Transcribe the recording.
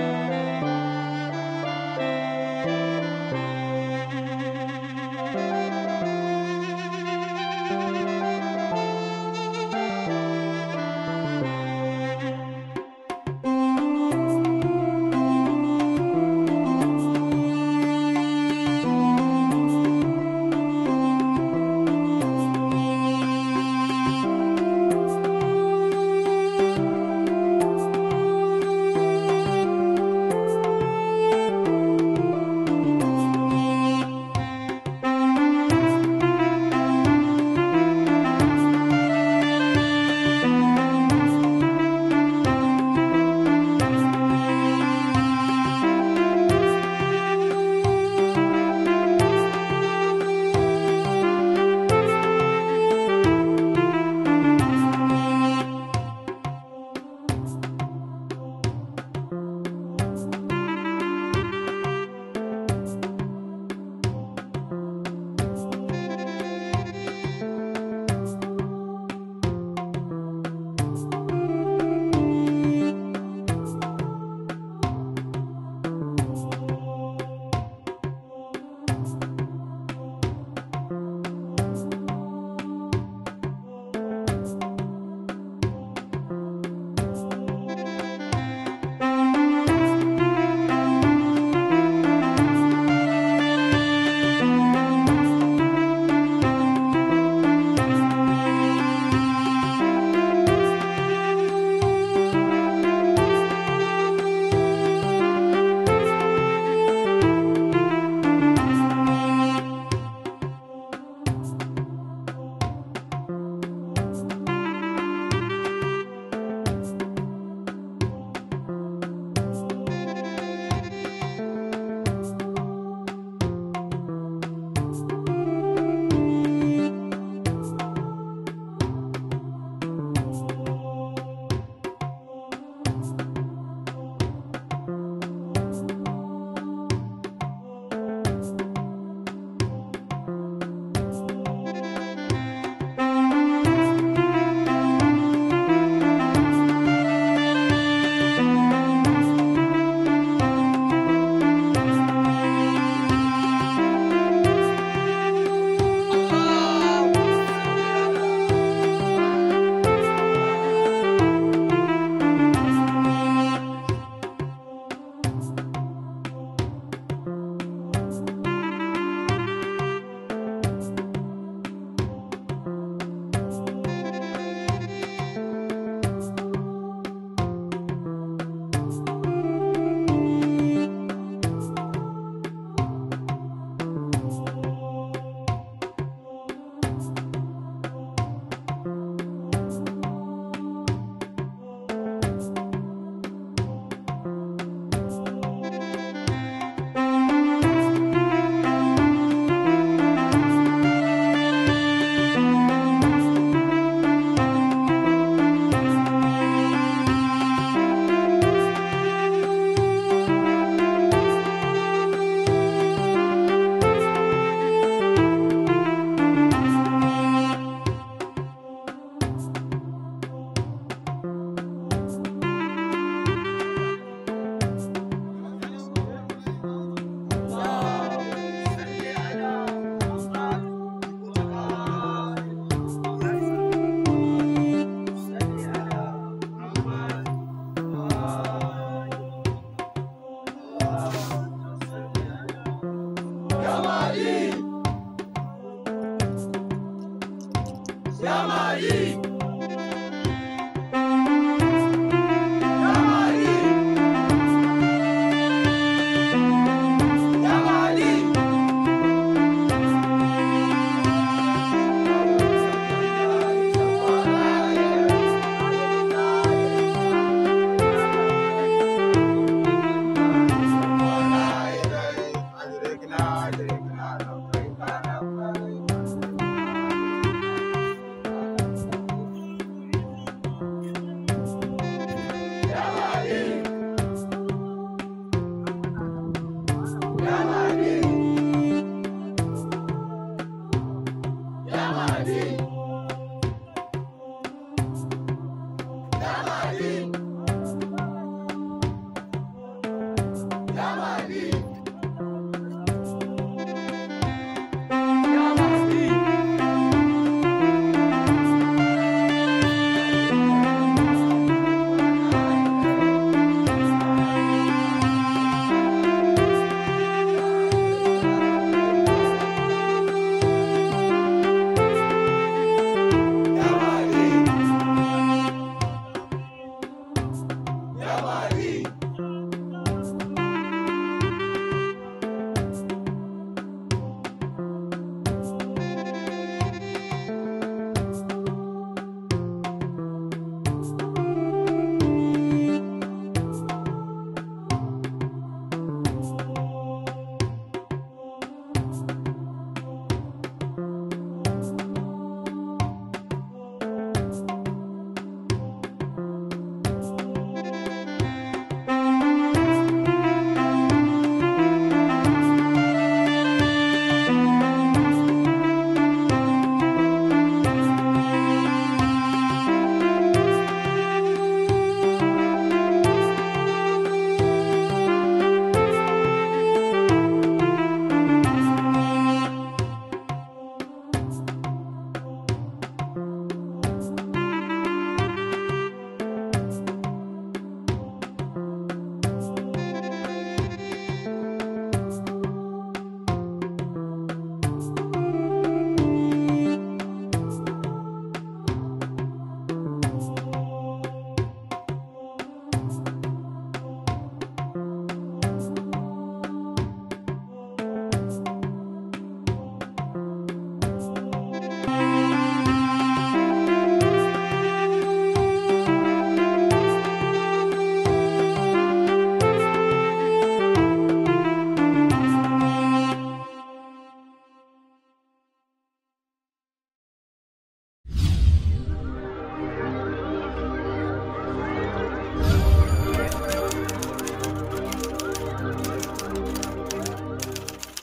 Thank you. Давай!